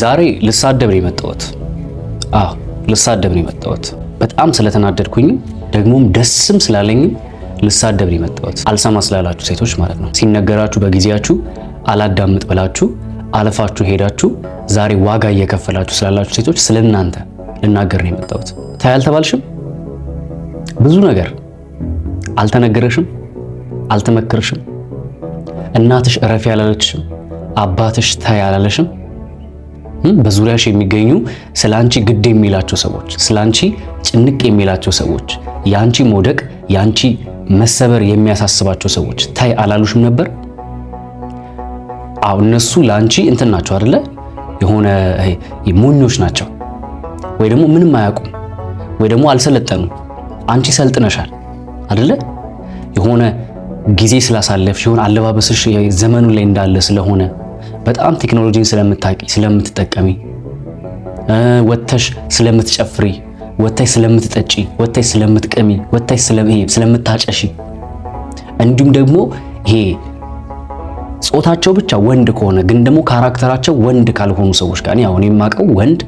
ዛሬ ልሳደብ ነው የመጣሁት። አዎ ልሳደብ ነው የመጣሁት። በጣም ስለተናደድኩኝ ደግሞም ደስም ስላለኝ ልሳደብ ነው የመጣሁት። አልሰማ ስላላችሁ ሴቶች ማለት ነው። ሲነገራችሁ በጊዜያችሁ አላዳምጥ ብላችሁ አለፋችሁ ሄዳችሁ ዛሬ ዋጋ እየከፈላችሁ ስላላችሁ ሴቶች ስለናንተ ልናገር ነው የመጣሁት። ታይ አልተባልሽም? ብዙ ነገር አልተነገረሽም፣ አልተመከረሽም፣ እናትሽ እረፊ አላለችሽም፣ አባትሽ ታይ አላለሽም። በዙሪያሽ የሚገኙ ስለ አንቺ ግድ የሚላቸው ሰዎች፣ ስለ አንቺ ጭንቅ የሚላቸው ሰዎች፣ የአንቺ መውደቅ፣ የአንቺ መሰበር የሚያሳስባቸው ሰዎች ታይ አላሉሽም ነበር? አዎ እነሱ ለአንቺ እንትን ናቸው አይደለ? የሆነ ሞኞች ናቸው፣ ወይ ደግሞ ምንም አያውቁም፣ ወይ ደግሞ አልሰለጠኑ። አንቺ ሰልጥነሻል አይደለ? የሆነ ጊዜ ስላሳለፍሽ የሆነ አለባበስሽ ዘመኑ ላይ እንዳለ ስለሆነ በጣም ቴክኖሎጂን ስለምታቂ ስለምትጠቀሚ ወተሽ ስለምትጨፍሪ ወተሽ ስለምትጠጪ ወተሽ ስለምትቀሚ ወተሽ ስለምታጨሺ እንዲሁም ደግሞ ይሄ ጾታቸው ብቻ ወንድ ከሆነ ግን ደግሞ ካራክተራቸው ወንድ ካልሆኑ ሰዎች ጋር ያው እኔ የማውቀው ወንድ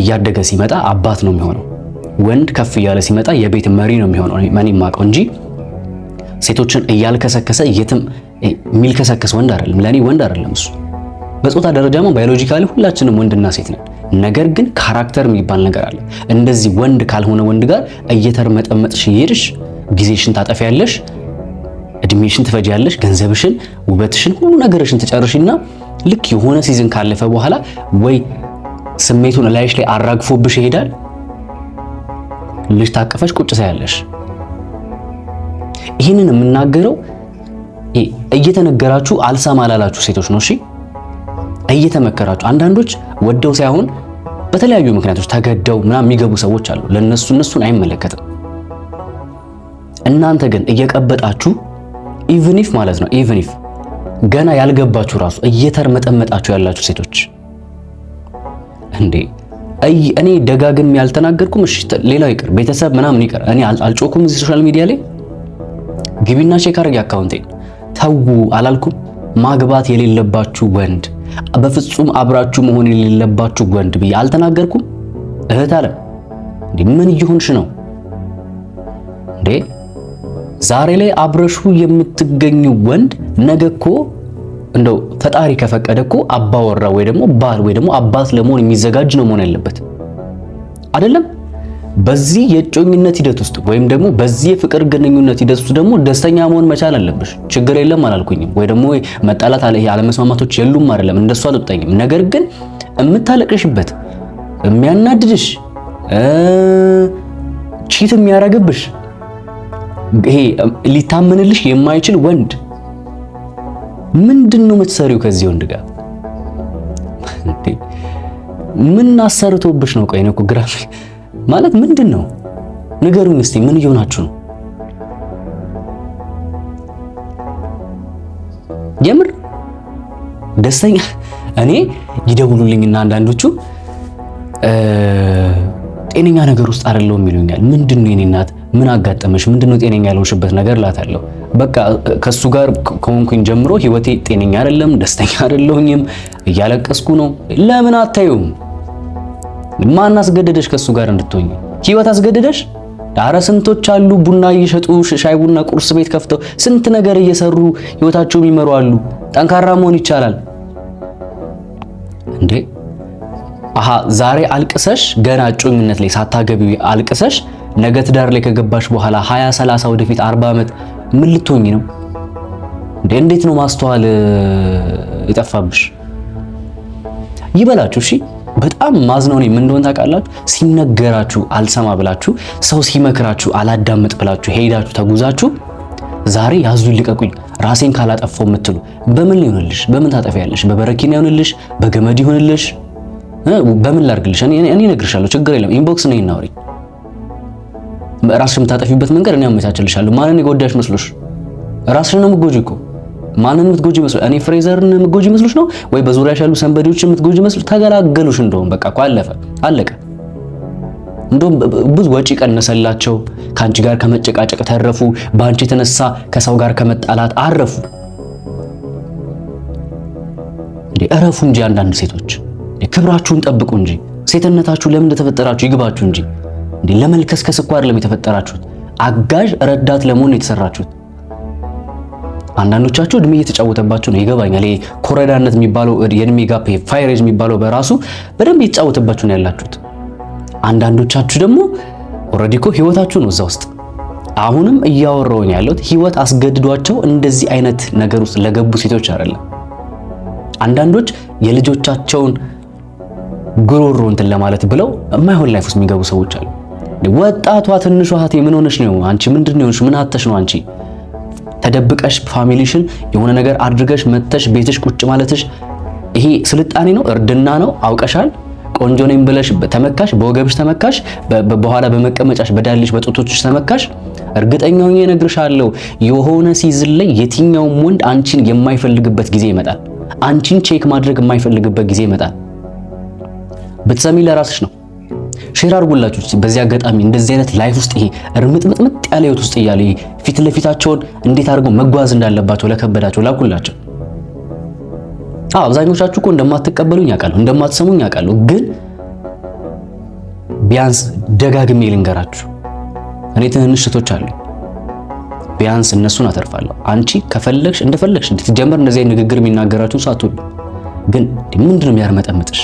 እያደገ ሲመጣ አባት ነው የሚሆነው። ወንድ ከፍ እያለ ሲመጣ የቤት መሪ ነው የሚሆነው እኔ የማውቀው እንጂ ሴቶችን እያልከሰከሰ የትም የሚልከሰከስ ወንድ አይደለም። ለእኔ ወንድ አይደለም እሱ። በጾታ ደረጃ ባዮሎጂካሊ ሁላችንም ወንድና ሴት ነን። ነገር ግን ካራክተር የሚባል ነገር አለ። እንደዚህ ወንድ ካልሆነ ወንድ ጋር እየተርመጠመጥሽ እየሄድሽ ጊዜሽን ታጠፊያለሽ፣ እድሜሽን ትፈጃለሽ፣ ገንዘብሽን፣ ውበትሽን፣ ሁሉ ነገርሽን ትጨርሽና ልክ የሆነ ሲዝን ካለፈ በኋላ ወይ ስሜቱን ላይሽ ላይ አራግፎብሽ ይሄዳል። ልጅ ታቀፈሽ ቁጭ ሳያለሽ። ይህንን የምናገረው እየተነገራችሁ አልሳማላላችሁ ሴቶች ነው። እሺ እየተመከራችሁ አንዳንዶች ወደው ሳይሆን በተለያዩ ምክንያቶች ተገደው ምናምን የሚገቡ ሰዎች አሉ። ለነሱ እነሱን አይመለከትም። እናንተ ግን እየቀበጣችሁ ኢቭን ኢፍ ማለት ነው ኢቭን ኢፍ ገና ያልገባችሁ ራሱ እየተርመጠመጣችሁ ያላችሁ ሴቶች እንዴ እኔ ደጋግም ያልተናገርኩም። እሺ ሌላው ይቅር፣ ቤተሰብ ምናምን ይቅር። እኔ አልጮኩም እዚህ ሶሻል ሚዲያ ላይ ግቢና ቼክ አድርጊ አካውንቴን። ተዉ አላልኩም? ማግባት የሌለባችሁ ወንድ በፍጹም አብራችሁ መሆን የሌለባችሁ ወንድ ብዬ አልተናገርኩም? እህት አለ እንዴ? ምን እየሆንሽ ነው እንዴ? ዛሬ ላይ አብረሹ የምትገኙ ወንድ ነገ እኮ እንደው ፈጣሪ ከፈቀደ እኮ አባወራ ወይ ደግሞ ባል ወይ ደግሞ አባት ለመሆን የሚዘጋጅ ነው መሆን ያለበት አይደለም። በዚህ የእጮኝነት ሂደት ውስጥ ወይም ደግሞ በዚህ የፍቅር ግንኙነት ሂደት ውስጥ ደግሞ ደስተኛ መሆን መቻል አለብሽ። ችግር የለም አላልኩኝም፣ ወይ ደግሞ መጣላት አለ አለመስማማቶች የሉም አይደለም፣ እንደሱ አልጠኝም። ነገር ግን የምታለቅሽበት የሚያናድድሽ ቺት የሚያረግብሽ ይሄ ሊታመንልሽ የማይችል ወንድ ምንድን ነው የምትሰሪው ከዚህ ወንድ ጋር? ምን አሰርቶብሽ ነው? ቆይ ነው እኮ ግራ ማለት ምንድን ነው? ንገሩኝ እስቲ ምን እየሆናችሁ ነው? የምር ደስተኛ እኔ ይደውሉልኝና አንዳንዶቹ ጤነኛ ነገር ውስጥ አይደለሁም ይሉኛል። ምንድን ነው የኔ እናት ምን አጋጠመሽ? ምንድን ነው ጤነኛ ያልሆንሽበት ነገር እላታለሁ። በቃ ከሱ ጋር ከሆንኩኝ ጀምሮ ህይወቴ ጤነኛ አይደለም፣ ደስተኛ አይደለሁኝም፣ እያለቀስኩ ነው። ለምን አታዩም? ማን አስገደደሽ ከሱ ጋር እንድትሆኝ? ህይወት አስገደደሽ? ዳረ ስንቶች አሉ ቡና እየሸጡ ሻይ ቡና ቁርስ ቤት ከፍተው ስንት ነገር እየሰሩ ህይወታቸውን ይመሩ አሉ። ጠንካራ መሆን ይቻላል እንዴ? አሃ ዛሬ አልቅሰሽ ገና እጮኝነት ላይ ሳታገቢ አልቅሰሽ ነገ ትዳር ላይ ከገባሽ በኋላ 20 30 ወደፊት 40 ዓመት ምን ልትሆኝ ነው እንዴ? እንዴት ነው ማስተዋል የጠፋብሽ? ይበላችሁ እሺ። በጣም ማዝነው ነው ምን እንደሆነ ታውቃላችሁ? ሲነገራችሁ አልሰማ ብላችሁ፣ ሰው ሲመክራችሁ አላዳምጥ ብላችሁ ሄዳችሁ ተጉዛችሁ ዛሬ ያዙ ይልቀቁኝ ራሴን ካላጠፋው የምትሉ በምን ይሆንልሽ? በምን ታጠፊያለሽ? በበረኪና ይሆንልሽ? በገመድ ይሆንልሽ? በምን ላርግልሽ? እኔ እነግርሻለሁ፣ ችግር የለም ኢንቦክስ ነኝ እናውሪኝ። ራስሽ የምታጠፊበት መንገድ እኔ አመቻችልሻለሁ። ማንን የጎዳሽ መስሎሽ? ራስሽን ነው የምትጎጂው እኮ ማንን የምትጎጂ መስሎሽ? እኔ ፍሬዘርን የምትጎጂ ይመስሉሽ ነው ወይ በዙሪያሽ ያሉ ሰንበዴዎች የምትጎጂ ይመስሉ? ተገላገሉሽ። እንደውም በቃ እኮ አለፈ አለቀ። እንደውም ብዙ ወጪ ቀነሰላቸው። ከአንቺ ጋር ከመጨቃጨቅ ተረፉ። በአንቺ የተነሳ ከሰው ጋር ከመጣላት አረፉ። እንዴ እረፉ እንጂ አንዳንድ ሴቶች ክብራችሁን ጠብቁ እንጂ ሴትነታችሁ ለምን እንደተፈጠራችሁ ይግባችሁ እንጂ። እንዴ ለመልከስከስ እኮ አይደለም የተፈጠራችሁት። አጋዥ ረዳት ለመሆን የተሰራችሁት። አንዳንዶቻችሁ እድሜ እየተጫወተባችሁ ነው፣ ይገባኛል። ይሄ ኮረዳነት የሚባለው የእድሜ ጋፕ ፋይሬጅ የሚባለው በራሱ በደንብ እየተጫወተባችሁ ነው ያላችሁት። አንዳንዶቻችሁ ደግሞ ኦልሬዲ እኮ ህይወታችሁ ነው እዛ ውስጥ። አሁንም እያወራሁኝ ያለሁት ህይወት አስገድዷቸው እንደዚህ አይነት ነገር ውስጥ ለገቡ ሴቶች አይደለም። አንዳንዶች የልጆቻቸውን ጉሮሮ እንትን ለማለት ብለው የማይሆን ላይፍ ውስጥ የሚገቡ ሰዎች አሉ። ወጣቷ ትንሿ እህቴ ምን ሆነሽ ነው? አንቺ ምንድን ነው? ምን አተሽ ነው አንቺ ተደብቀሽ ፋሚሊሽን የሆነ ነገር አድርገሽ መተሽ ቤትሽ ቁጭ ማለትሽ ይሄ ስልጣኔ ነው፣ እርድና ነው። አውቀሻል። ቆንጆ ነኝ ብለሽ ተመካሽ፣ በወገብሽ ተመካሽ፣ በኋላ በመቀመጫሽ፣ በዳልሽ፣ በጡቶችሽ ተመካሽ። እርግጠኛ ሆኜ እነግርሻለሁ የሆነ ሲዝን ላይ የትኛውም ወንድ አንቺን የማይፈልግበት ጊዜ ይመጣል። አንቺን ቼክ ማድረግ የማይፈልግበት ጊዜ ይመጣል። ብትሰሚ ለራስሽ ነው። ሼር አድርጉላችሁ በዚህ አጋጣሚ እንደዚህ አይነት ላይፍ ውስጥ ይሄ እርምጥምጥምጥ ያለ ህይወት ውስጥ እያለ ይሄ ፊት ለፊታቸውን እንዴት አድርገው መጓዝ እንዳለባቸው ለከበዳቸው ላኩላቸው። አዎ አብዛኞቻችሁ እኮ እንደማትቀበሉኝ ያውቃለሁ፣ እንደማትሰሙኝ ያውቃለሁ። ግን ቢያንስ ደጋግሜ ልንገራችሁ፣ እኔ ትንንሽ እህቶች አሉ። ቢያንስ እነሱን አተርፋለሁ። አንቺ ከፈለግሽ እንደፈለግሽ እንድትጀምር እንደዚህ ንግግር የሚናገራችሁ ሳትሆን ግን ምንድነው የሚያርመጠምጥሽ?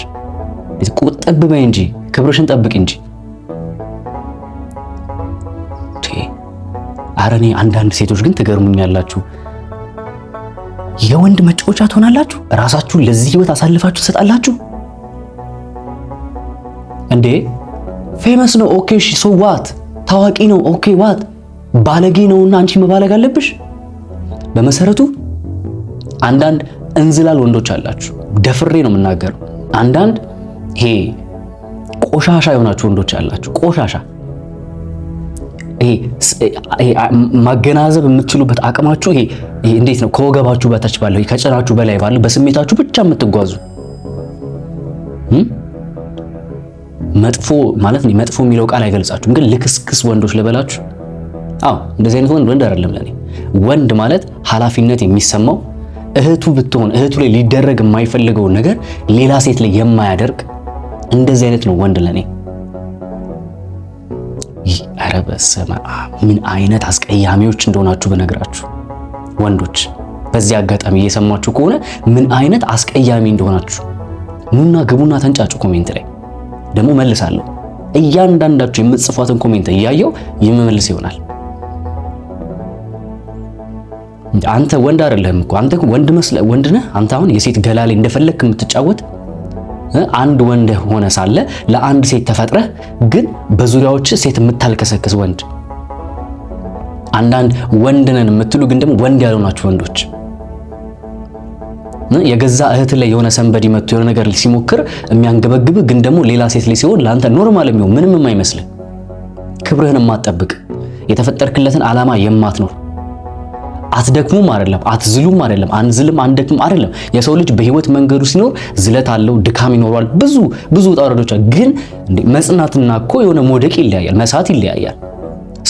ቁጠብ በይ እንጂ ክብርሽን ጠብቅ እንጂ። አረኔ እኔ አንዳንድ ሴቶች ግን ትገርሙኛላችሁ። የወንድ መጫወቻ ትሆናላችሁ። ራሳችሁን ለዚህ ህይወት አሳልፋችሁ ትሰጣላችሁ። እንዴ ፌመስ ነው ኦኬ፣ እሺ፣ ሶ ዋት ታዋቂ ነው ኦኬ፣ ዋት ባለጌ ነውና አንቺ መባለግ አለብሽ? በመሰረቱ አንዳንድ እንዝላል ወንዶች አላችሁ። ደፍሬ ነው የምናገረው። አንዳንድ ይሄ ቆሻሻ የሆናችሁ ወንዶች አላችሁ። ቆሻሻ ይሄ ማገናዘብ የምትችሉበት አቅማችሁ ይሄ እንዴት ነው? ከወገባችሁ በታች ባለው ከጭናችሁ በላይ ባለው በስሜታችሁ ብቻ የምትጓዙ መጥፎ ማለት ነው። መጥፎ የሚለው ቃል አይገልጻችሁም፣ ግን ልክስክስ ወንዶች ልበላችሁ። አዎ እንደዚህ አይነት ወንድ ወንድ አይደለም ለኔ። ወንድ ማለት ኃላፊነት የሚሰማው እህቱ ብትሆን እህቱ ላይ ሊደረግ የማይፈልገውን ነገር ሌላ ሴት ላይ የማያደርግ እንደዚህ አይነት ነው ወንድ ለኔ። ኧረ በስመ አብ ምን አይነት አስቀያሚዎች እንደሆናችሁ በነግራችሁ ወንዶች፣ በዚህ አጋጣሚ እየሰማችሁ ከሆነ ምን አይነት አስቀያሚ እንደሆናችሁ ኑና ግቡና ተንጫጩ። ኮሜንት ላይ ደግሞ መልሳለሁ። እያንዳንዳችሁ የምትጽፏትን ኮሜንት እያየው የምመልስ ይሆናል። አንተ ወንድ አይደለህም እኮ አንተ ወንድ መስለህ ወንድ ነህ። አንተ አሁን የሴት ገላ ላይ እንደፈለግክ የምትጫወት አንድ ወንድ ሆነ ሳለ ለአንድ ሴት ተፈጥረህ ግን በዙሪያዎች ሴት የምታልከሰክስ ወንድ፣ አንዳንድ ወንድ ነን የምትሉ ግን ደግሞ ወንድ ያልሆናችሁ ወንዶች የገዛ እህት ላይ የሆነ ሰንበድ መጥቶ የሆነ ነገር ሲሞክር የሚያንገበግብ ግን ደግሞ ሌላ ሴት ላይ ሲሆን ለአንተ ኖርማል የሚሆን ምንም የማይመስልህ ክብርህን የማትጠብቅ የተፈጠርክለትን ዓላማ የማትኖር አትደክሙም አይደለም፣ አትዝሉም አይደለም፣ አንዝልም አንደክምም አይደለም። የሰው ልጅ በህይወት መንገዱ ሲኖር ዝለት አለው፣ ድካም ይኖሯል፣ ብዙ ብዙ ውጣ ውረዶች። ግን መጽናትና እኮ የሆነ መውደቅ ይለያያል፣ መሳት ይለያያል።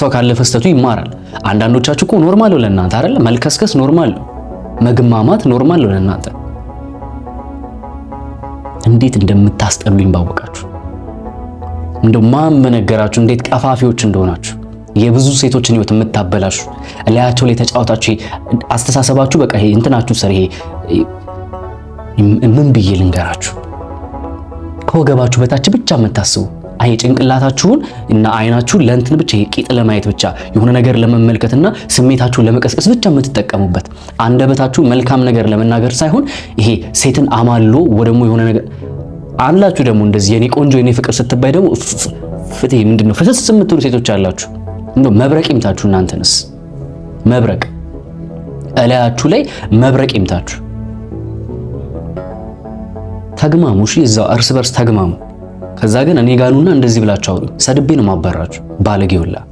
ሰው ካለፈ ስህተቱ ይማራል። አንዳንዶቻችሁ እኮ ኖርማል ነው ለእናንተ አይደለ? መልከስከስ ኖርማል ነው፣ መግማማት ኖርማል ነው ለእናንተ። እንዴት እንደምታስጠሉኝ ባወቃችሁ እንደው ማን በነገራችሁ እንዴት ቀፋፊዎች እንደሆናችሁ የብዙ ሴቶችን ህይወት የምታበላሹ እላያቸው ላይ ተጫወታችሁ አስተሳሰባችሁ በቃ ይሄ እንትናችሁ ስር ይሄ ምን ብዬ ልንገራችሁ ከወገባችሁ በታች ብቻ የምታስቡ አይ ጭንቅላታችሁን እና አይናችሁን ለእንትን ብቻ ቂጥ ለማየት ብቻ የሆነ ነገር ለመመልከትና ስሜታችሁን ለመቀስቀስ ብቻ የምትጠቀሙበት አንደበታችሁ መልካም ነገር ለመናገር ሳይሆን ይሄ ሴትን አማሎ ወደሞ የሆነ ነገር አላችሁ ደግሞ እንደዚህ የኔ ቆንጆ የኔ ፍቅር ስትባይ ደግሞ ፍትህ ምንድን ነው ፍስስ የምትሉ ሴቶች አላችሁ። እንዶ መብረቅ ይምታችሁ እናንተንስ መብረቅ እላያችሁ ላይ መብረቅ ይምታችሁ። ተግማሙ፣ እሺ እዛው እርስ በርስ ተግማሙ። ከዛ ግን እኔ ጋኑና እንደዚህ ብላችሁ አውሩ። ሰድቤ ነው ማባራችሁ ባለጌውላ